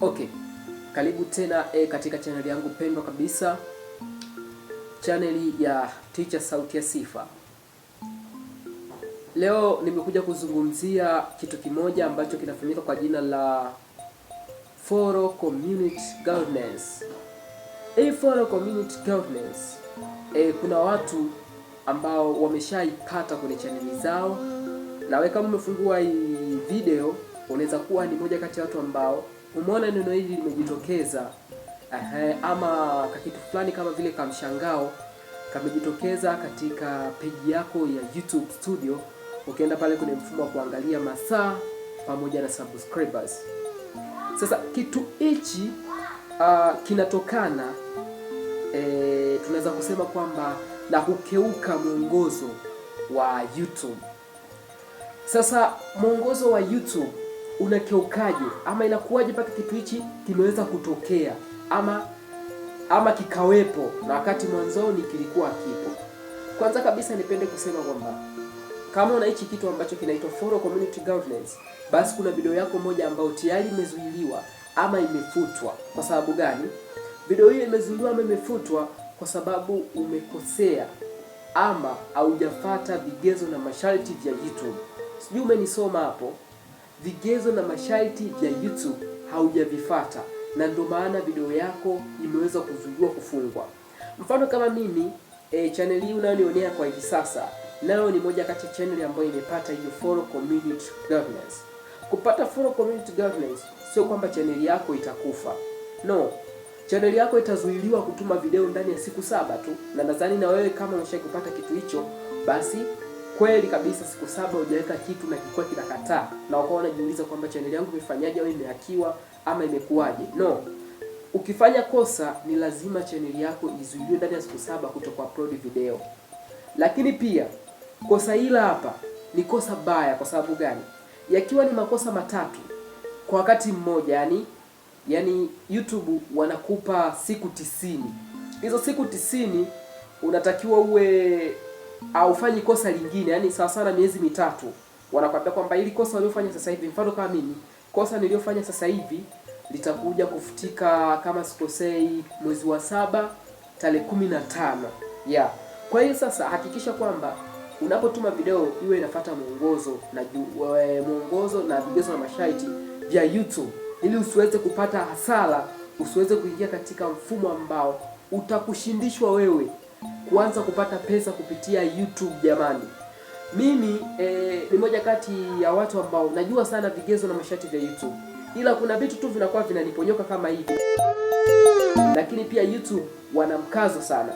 Okay, karibu tena e, katika chaneli yangu pendwa kabisa, chaneli ya Teacher Sauti ya Sifa. Leo nimekuja kuzungumzia kitu kimoja ambacho kinafahamika kwa jina la Foro Community Governance. Hii eh, Foro Community Governance e, kuna watu ambao wameshaipata kwenye chaneli zao, nawe kama umefungua hii video unaweza kuwa ni moja kati ya watu ambao umeona neno hili limejitokeza eh, ama kakitu fulani kama vile kamshangao kamejitokeza katika peji yako ya YouTube Studio. Ukienda pale kwenye mfumo wa kuangalia masaa pamoja na subscribers. Sasa kitu hichi uh, kinatokana eh, tunaweza kusema kwamba na kukeuka mwongozo wa YouTube. Sasa mwongozo wa YouTube unakeukaje ama inakuwaje mpaka kitu hichi kimeweza kutokea ama ama kikawepo na wakati mwanzoni kilikuwa kipo. Kwanza kabisa nipende kusema kwamba kama una hichi kitu ambacho kinaitwa Foro Community Governance, basi kuna video yako moja ambayo tayari imezuiliwa ama imefutwa. Kwa sababu gani? Video hiyo imezuiliwa ama imefutwa kwa sababu umekosea ama haujafata vigezo na masharti vya YouTube. Sijui umenisoma hapo vigezo na masharti vya YouTube haujavifata, na ndio maana video yako imeweza kuzuiwa kufungwa. Mfano kama mimi e, channel hii unayonionea kwa hivi sasa nayo ni moja kati ya channel ambayo imepata hiyo follow community governance. Kupata follow community governance sio kwamba channel yako itakufa, no chaneli yako itazuiliwa kutuma video ndani ya siku saba tu, na nadhani na wewe kama umeshakupata kitu hicho basi kweli kabisa, siku saba hujaweka kitu na kilikuwa kinakataa, na ukawa unajiuliza kwamba chaneli yangu imefanyaje au imehakiwa ama imekuwaje? No, ukifanya kosa ni lazima chaneli yako izuiliwe ndani ya siku saba kwa upload video. Lakini pia kosa hila hapa ni kosa baya. Kwa sababu gani? Yakiwa ni makosa matatu kwa wakati mmoja, yani yani YouTube wanakupa siku tisini. Hizo siku tisini unatakiwa uwe haufanyi kosa lingine, yani sawa sawa miezi mitatu, wanakwambia kwamba ili kosa uliofanya sasa hivi, mfano kama mimi, kosa niliyofanya sasa hivi litakuja kufutika kama sikosei mwezi wa saba tarehe kumi na tano yeah. Kwa hiyo sasa hakikisha kwamba unapotuma video iwe inafuata mwongozo na mwongozo na vigezo na masharti vya YouTube ili usiweze kupata hasara, usiweze kuingia katika mfumo ambao utakushindishwa wewe kuanza kupata pesa kupitia YouTube jamani. Mimi eh, ni moja kati ya watu ambao najua sana vigezo na masharti vya YouTube, ila kuna vitu tu vinakuwa vinaniponyoka kama hivi, lakini pia YouTube wana mkazo sana.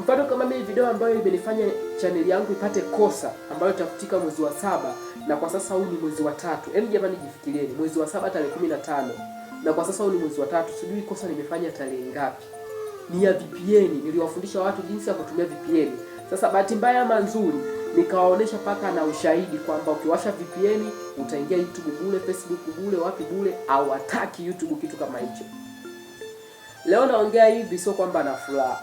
Mfano kama mimi video ambayo imenifanya chaneli yangu ipate kosa ambayo itafutika mwezi wa saba, na kwa sasa huu ni mwezi wa tatu. Hebu yaani jamani, jifikirieni, mwezi wa saba tarehe kumi na tano na kwa sasa huu ni mwezi wa tatu, sijui kosa nimefanya tarehe ngapi ni ya VPN. Niliwafundisha watu jinsi ya kutumia VPN. Sasa bahati mbaya ama nzuri, nikawaonesha paka na ushahidi kwamba ukiwasha VPN utaingia YouTube bure, Facebook bure, wapi bure, hataki YouTube kitu kama hicho. Leo naongea hivi sio kwamba na furaha,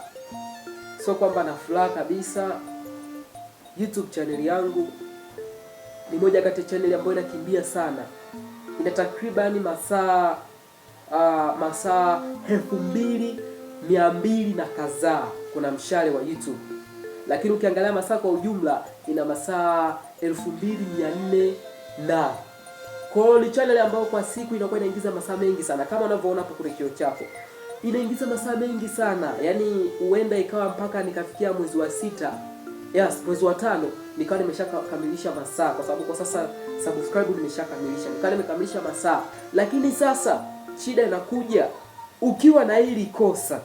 sio kwamba na furaha kabisa. YouTube channel yangu ni moja kati ya channel ambayo inakimbia sana, ina takribani masaa uh, masaa elfu mbili mia mbili na kadhaa kuna mshale wa YouTube, lakini ukiangalia masaa kwa ujumla ina masaa elfu mbili mia nne na kwa hiyo ni channel ambayo kwa siku inakuwa inaingiza masaa mengi sana, kama unavyoona hapo kwenye kioo chako inaingiza masaa mengi sana, yaani huenda ikawa mpaka nikafikia mwezi wa sita, yes, mwezi wa tano nikawa nimeshakamilisha masaa, kwa sababu kwa sasa subscribe nimeshakamilisha, nikawa nimekamilisha masaa. Lakini sasa shida inakuja ukiwa na hili kosa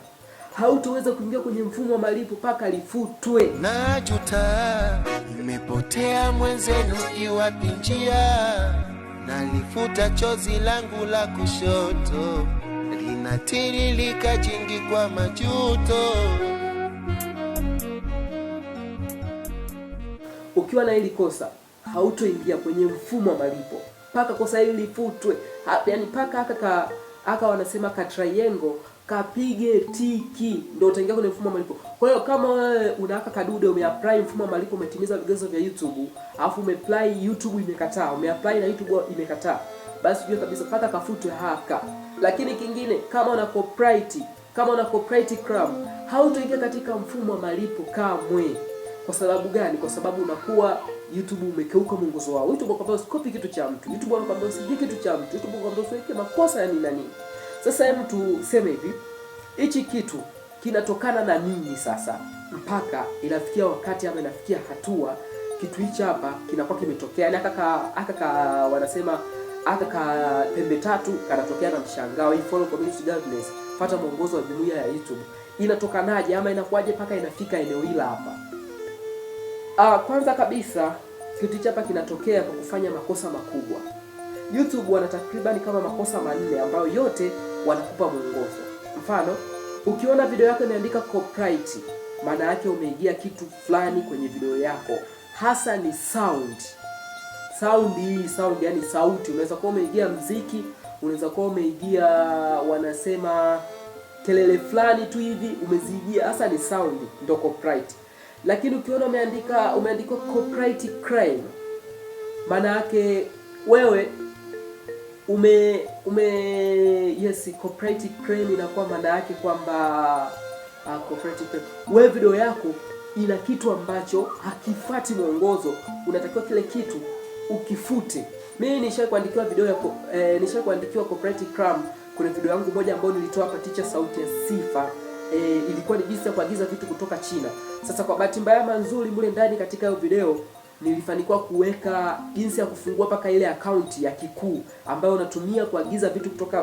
hautoweza kuingia kwenye mfumo wa malipo mpaka lifutwe. Najuta imepotea mwenzenu, iwapi njia? Nalifuta chozi langu la kushoto, linatiririka jingi kwa majuto. Ukiwa na hili kosa hautoingia kwenye mfumo wa malipo mpaka kosa hili lifutwe, yaani mpaka aka, aka wanasema ka triangle kapige tiki, ndio utaingia kwenye mfumo wa malipo. Kwa hiyo kama wewe unaaka kadude, umeapply mfumo wa malipo, umetimiza vigezo vya YouTube, alafu umeapply YouTube imekataa, umeapply na YouTube imekataa, basi jua kabisa pata kafutwe haka. Lakini kingine, kama una copyright, kama una copyright crumb, hautoingia katika mfumo wa malipo kamwe. Kwa sababu gani? Kwa sababu unakuwa YouTube umekeuka mwongozo wao. YouTube unakwambia usikopi kitu cha mtu. YouTube unakwambia usije kitu cha mtu. YouTube unakwambia usiweke makosa ya nini na nini. Sasa hebu tuseme hivi, hichi kitu kinatokana na nini sasa mpaka inafikia wakati ama inafikia hatua kitu hichi hapa kinakuwa kimetokea, yani aka ka wanasema aka ka pembe tatu kanatokea na mshangao. Hii follow community governance, pata mwongozo wa jumuiya ya YouTube inatokanaje ama inakuwaje mpaka inafika eneo hili hapa. Ah, kwanza kabisa kitu hichi hapa kinatokea kwa kufanya makosa makubwa. YouTube wana takribani kama makosa manne ambayo yote wanakupa mwongozo. Mfano, ukiona video yako imeandika copyright, maana yake umeingia kitu fulani kwenye video yako, hasa ni sound. Sound hii sound, yani sauti, unaweza kuwa umeingia mziki, unaweza kuwa umeingia wanasema kelele fulani tu hivi umeziingia, hasa ni sound, ndio copyright. Lakini ukiona umeandika umeandikwa copyright crime, maana yake wewe ume ume yes, copyright claim inakuwa maana yake kwamba uh, copyright claim, video yako ina kitu ambacho hakifuati mwongozo, unatakiwa kile kitu ukifute. Mimi nishakuandikiwa video ya eh, nishakuandikiwa copyright claim. Kuna video yangu moja ambayo nilitoa hapa Teacher Sauti ya Sifa. E, ilikuwa ni jinsi ya kuagiza vitu kutoka China. Sasa kwa bahati mbaya manzuri mule ndani katika hiyo video nilifanikiwa kuweka jinsi ya kufungua mpaka ile akaunti ya kikuu ambayo unatumia kuagiza vitu kutoka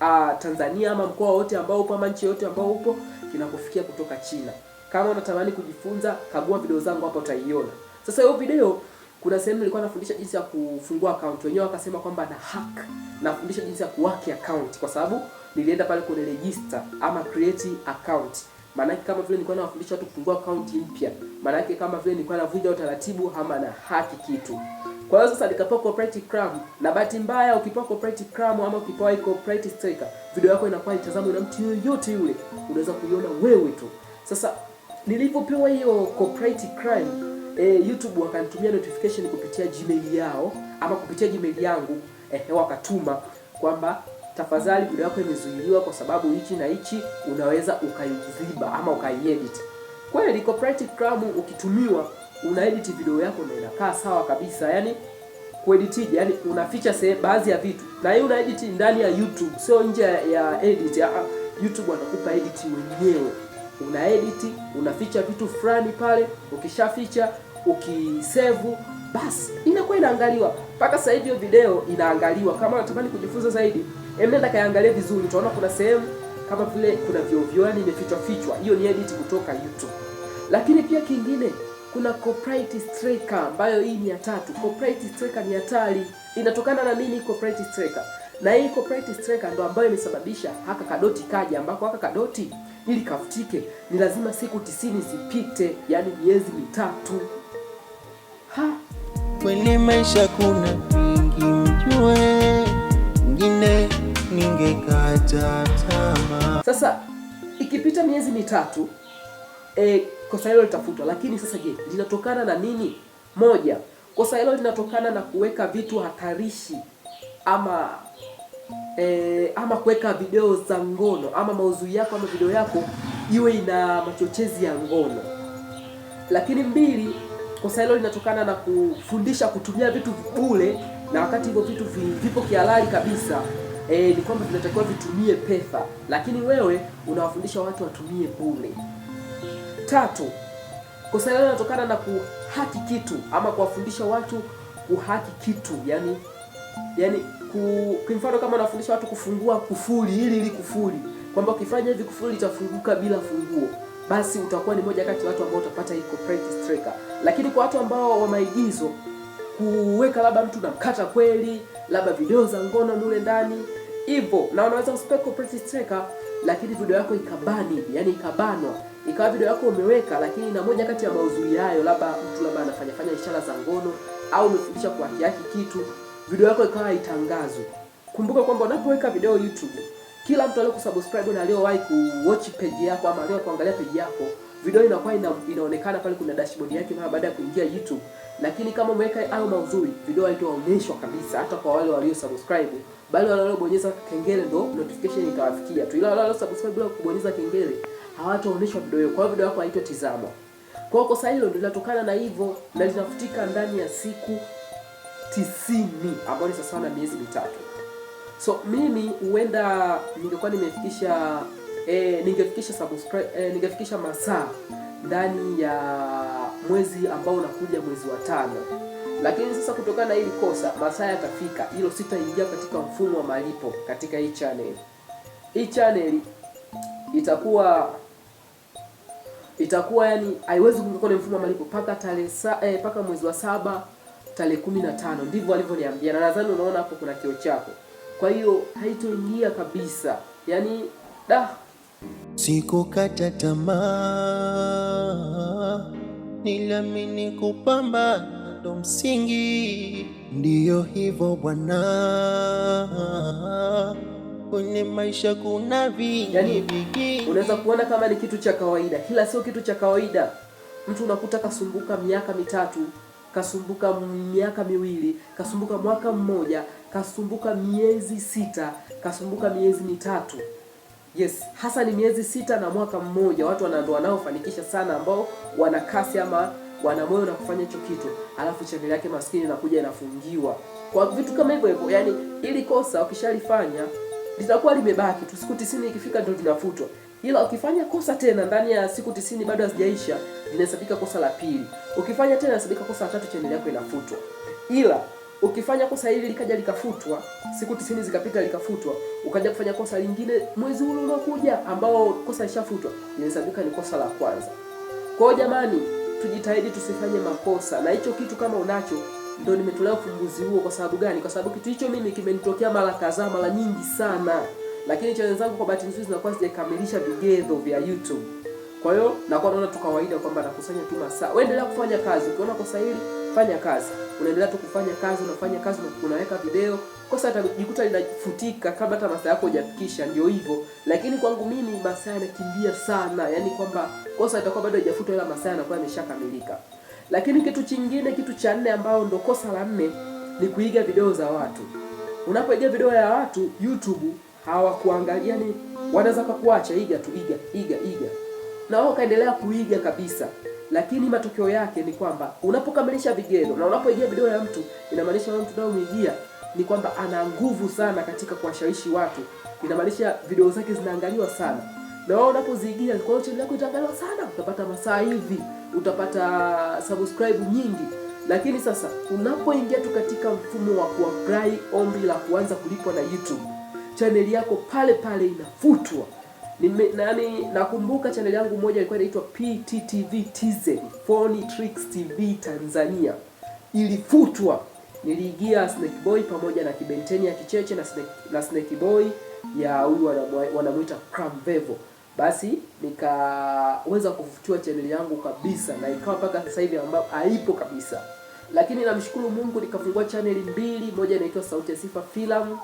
uh, Tanzania ama mkoa wote ambao upo ama nchi yote ambao upo kinakufikia kutoka China. Kama unatamani kujifunza, kagua video zangu hapa utaiona. Sasa hiyo video kuna sehemu nilikuwa nafundisha jinsi ya kufungua account. Wenyewe wakasema kwamba na hack. Nafundisha jinsi ya kuwake account kwa sababu nilienda pale kwenye register ama create account. Maanake kama vile nilikuwa nawafundisha watu kufungua akaunti mpya, maanake kama vile nilikuwa navunja utaratibu ama na haki kitu. Kwa hiyo sasa nikapewa corporate crime, na bahati mbaya ukipewa corporate crime ama ukipewa corporate sticker, video yako inakuwa itazamwa na mtu yoyote yule, unaweza kuiona wewe tu. Sasa nilipopewa hiyo corporate crime eh, YouTube wakanitumia notification kupitia Gmail yao ama kupitia Gmail yangu eh, wakatuma kwamba tafadhali video yako imezuiliwa kwa sababu hichi na hichi, unaweza ukaiziba ama ukaiedit. Kwa hiyo liko copyright claim ukitumiwa, unaedit video yako na inakaa sawa kabisa, yani kueditije, yani unaficha baadhi ya vitu, na hii unaedit ndani ya YouTube, sio nje ya edit ya YouTube. Wanakupa edit wenyewe, unaedit unaficha vitu fulani pale, ukishaficha ukisevu basi inakuwa inaangaliwa. Mpaka sasa hivi video inaangaliwa. Kama unatamani kujifunza zaidi Hebu nenda kaangalia vizuri, utaona kuna sehemu kama vile kuna vyovyoani imefichwa fichwa, hiyo ni edit kutoka YouTube. Lakini pia kingine kuna copyright striker ambayo hii ni ya tatu. Copyright striker ni hatari. Inatokana na nini copyright striker? Na hii copyright striker ndo ambayo imesababisha haka kadoti kaja, ambako haka kadoti ili kafutike ni lazima siku tisini zipite, yani miezi mitatu. Ha, kwenye maisha kuna vingi mjue ningekata Sasa ikipita miezi mitatu e, kosa hilo litafutwa. Lakini sasa je, linatokana na nini? Moja, kosa hilo linatokana na kuweka vitu hatarishi ama e, ama kuweka video za ngono ama mauzui yako ama video yako iwe ina machochezi ya ngono. Lakini mbili, kosa hilo linatokana na kufundisha kutumia vitu bure na wakati hivyo vitu vipo kihalali kabisa e, ni kwamba tunatakiwa vitumie pesa, lakini wewe unawafundisha watu watumie bure. Tatu, kosa hilo linatokana na kuhaki kitu ama kuwafundisha watu kuhaki kitu, yani yani ku, kwa mfano kama unafundisha watu kufungua kufuli ili ili kufuli kwamba ukifanya hivi kufuli itafunguka bila funguo, basi utakuwa ni moja kati ya watu ambao utapata hii copyright striker. Lakini kwa watu ambao wa maigizo kuweka labda mtu na mkata kweli, labda video za ngono mule ndani hivyo, na unaweza usipeke kupractice lakini video yako ikabani, yani ikabanwa, ikawa video yako umeweka, lakini na moja kati ya mauzuri hayo, labda mtu labda anafanya fanya ishara za ngono au umefundisha kwa haki kitu, video yako ikawa itangazwe. Kumbuka kwamba unapoweka video YouTube, kila mtu aliyokusubscribe na aliyowahi kuwatch page yako ama aliyokuangalia page yako video inakuwa ina, inaonekana pale kuna dashboard yake mara baada ya kuingia YouTube, lakini kama umeweka hayo maudhui, video haitaonyeshwa kabisa, hata kwa wale walio subscribe, bali wale waliobonyeza kengele ndo notification itawafikia tu, ila wale walio subscribe bila kubonyeza kengele hawataonyeshwa video hiyo, kwa hiyo video yako haitotizama. Kwa hiyo kosa hilo ndio linatokana na hivyo na linafutika ndani ya siku tisini ambayo ni sawa na miezi mitatu. So mimi huenda ningekuwa nimefikisha e, ningefikisha subscribe e, eh, ningefikisha masaa ndani ya mwezi ambao unakuja mwezi wa tano lakini sasa kutokana na hili kosa masaa yatafika, hilo sitaingia katika mfumo wa malipo katika hii channel. Hii channel itakuwa itakuwa yani haiwezi kuingia kwenye mfumo wa malipo paka tarehe eh, paka mwezi wa saba tarehe kumi na tano ndivyo alivyoniambia, na nadhani unaona hapo kuna kio chako. Kwa hiyo haitoingia kabisa, yani da Sikukata tamaa, niliamini kupambana ndo msingi. Ndiyo hivyo bwana, kwenye maisha kuna yaani, vingi yani, Unaweza kuona kama ni kitu cha kawaida, ila sio kitu cha kawaida. Mtu unakuta kasumbuka miaka mitatu, kasumbuka miaka miwili, kasumbuka mwaka mmoja, kasumbuka miezi sita, kasumbuka miezi mitatu Yes, hasa ni miezi sita na mwaka mmoja. Watu wanandoa wanaofanikisha sana, ambao wana kasi ama wana moyo na kufanya hicho kitu, alafu chaneli yake maskini inakuja inafungiwa kwa vitu kama hivyo hivyo. Yani ili kosa ukishalifanya litakuwa limebaki tu, siku tisini ikifika ndio linafutwa, ila ukifanya kosa tena ndani ya siku tisini bado hazijaisha, linahesabika kosa la pili. Ukifanya tena inahesabika kosa la tatu, chaneli yako inafutwa ila Ukifanya kosa hili likaja likafutwa, siku tisini zikapita likafutwa, ukaja kufanya kosa lingine mwezi ule unaokuja ambao kosa lishafutwa, inahesabika ni kosa la kwanza. Kwa hiyo jamani, tujitahidi tusifanye makosa, na hicho kitu kama unacho ndio nimetolea ufumbuzi huo. Kwa sababu gani? Kwa sababu kitu hicho mimi kimenitokea mara kadhaa, mara nyingi sana, lakini chaneli zangu kwa bahati nzuri zinakuwa sijakamilisha vigezo vya YouTube. Kwa hiyo nakuwa naona tu kawaida kwamba nakusanya tu masaa. Wewe endelea kufanya kazi, ukiona kosa hili unafanya kazi, unaendelea tu kufanya kazi, unafanya kazi, unaweka video kosa atajikuta linafutika kabla hata masaa yako hujafikisha. Ndio hivyo, lakini kwangu mimi masaa yanakimbia sana, yani kwamba kosa itakuwa bado haijafutwa, ila masaa yanakuwa yameshakamilika. Lakini kitu chingine, kitu cha nne, ambao ndo kosa la nne, ni kuiga video za watu. Unapoiga video ya watu YouTube hawakuangalia, yani wanaweza kukuacha, iga tu, iga iga iga, na wao kaendelea kuiga kabisa lakini matokeo yake ni kwamba unapokamilisha vigezo na unapoigia video ya mtu, inamaanisha mtu unayomwijia ni kwamba ana nguvu sana katika kuwashawishi watu, inamaanisha video zake zinaangaliwa sana na wewe unapoziigia, kwa hiyo channel yako itaangaliwa sana, utapata masaa hivi, utapata subscribe nyingi. Lakini sasa unapoingia tu katika mfumo wa kuapply ombi la kuanza kulipwa na YouTube, chaneli yako pale pale inafutwa. Nime, nani nakumbuka chaneli yangu moja ilikuwa inaitwa PTTV Tizen Phone Tricks TV Tanzania, ilifutwa. Niliingia Snake Boy pamoja na Kibenteni ya Kicheche na Snake, na Snake Boy ya huyu wanamuita Cramvevo, basi nikaweza kufutiwa chaneli yangu kabisa, na ikawa mpaka sasa hivi ambayo haipo kabisa, lakini namshukuru Mungu nikafungua chaneli mbili, moja inaitwa Sauti ya Sifa Filamu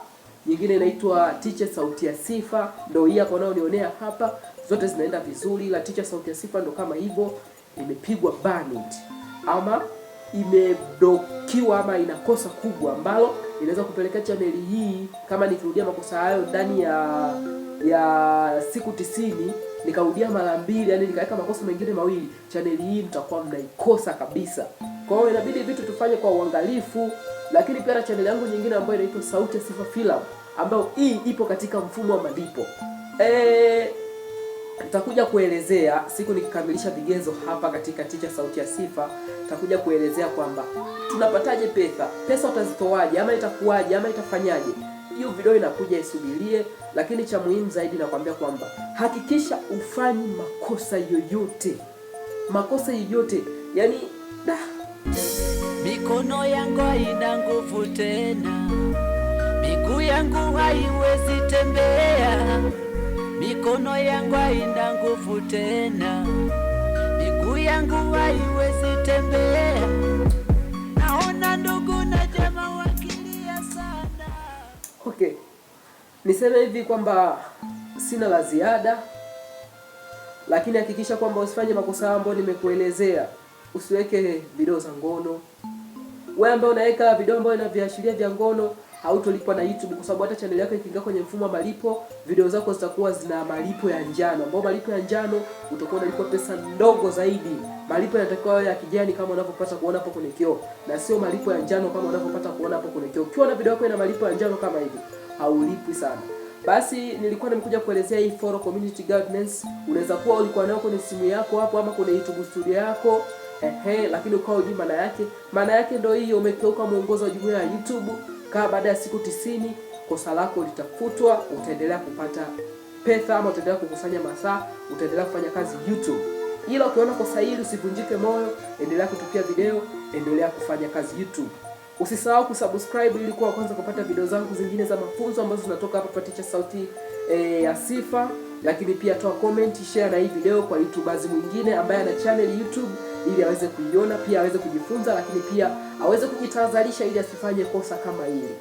nyingine inaitwa Teacher Sauti ya Sifa, ndio hii hapa unaonionea hapa, zote zinaenda vizuri, la Teacher Sauti ya Sifa ndo kama hivyo imepigwa banned ama imedokiwa ama ina kosa kubwa ambalo inaweza kupelekea chaneli hii, kama nikirudia makosa hayo ndani ya ya siku tisini nikarudia mara mbili, yani nikaweka makosa mengine mawili, chaneli hii mtakuwa mnaikosa kabisa. Kwa hiyo inabidi vitu tufanye kwa uangalifu lakini pia na chaneli yangu nyingine ambayo inaitwa Sauti ya Sifa Filamu ambayo hii ipo katika mfumo wa malipo e, nitakuja kuelezea siku nikikamilisha vigezo hapa katika Ticha Sauti ya Sifa, nitakuja kuelezea kwamba tunapataje pesa, pesa utazitoaje, ama itakuwaje, ama itafanyaje. Hiyo video inakuja, isubirie. Lakini cha muhimu zaidi nakwambia kwamba hakikisha ufanyi makosa yoyote, makosa yoyote, yani Mikono yangu haina nguvu tena, miguu yangu haiwezi tembea. Mikono yangu haina nguvu tena, miguu yangu haiwezi tembea. Naona ndugu na jamaa wakilia sana. Okay, niseme hivi kwamba sina la ziada, lakini hakikisha kwamba usifanye makosa ambayo nimekuelezea. Usiweke video za ngono wewe ambaye unaweka video ambayo ina viashiria vya ngono hautolipwa na YouTube kwa sababu hata channel yako ikiingia kwenye mfumo wa malipo, video zako zitakuwa zina malipo ya njano, ambao malipo ya njano utakuwa unalipwa pesa ndogo zaidi. Malipo yanatakiwa ya kijani kama unavyopata kuona hapo kwenye kioo, na sio malipo ya njano kama unavyopata kuona hapo kwenye kioo. Ukiwa na video yako ina malipo ya njano kama hivi, haulipwi sana. Basi nilikuwa nimekuja kuelezea hii Foro Community Guidelines, unaweza kuwa ulikuwa nayo kwenye simu yako hapo ama kwenye YouTube studio yako ehe, lakini ukao hujui maana yake. Maana yake ndio hiyo, umekeuka mwongozo wa jumuiya ya YouTube. Kaa baada ya siku tisini kosa lako litafutwa, utaendelea kupata pesa ama utaendelea kukusanya masaa, utaendelea kufanya kazi YouTube. Ila ukiona kosa hili usivunjike moyo, endelea kutupia video, endelea kufanya kazi YouTube. Usisahau kusubscribe ili kuwa kwanza kupata video zangu zingine za mafunzo ambazo zinatoka hapa Patricia Sauti e, ya Sifa, lakini pia toa comment, share na hii video kwa YouTubers mwingine ambaye ana channel YouTube ili aweze kuiona, pia aweze kujifunza, lakini pia aweze kujitahadharisha ili asifanye kosa kama hili.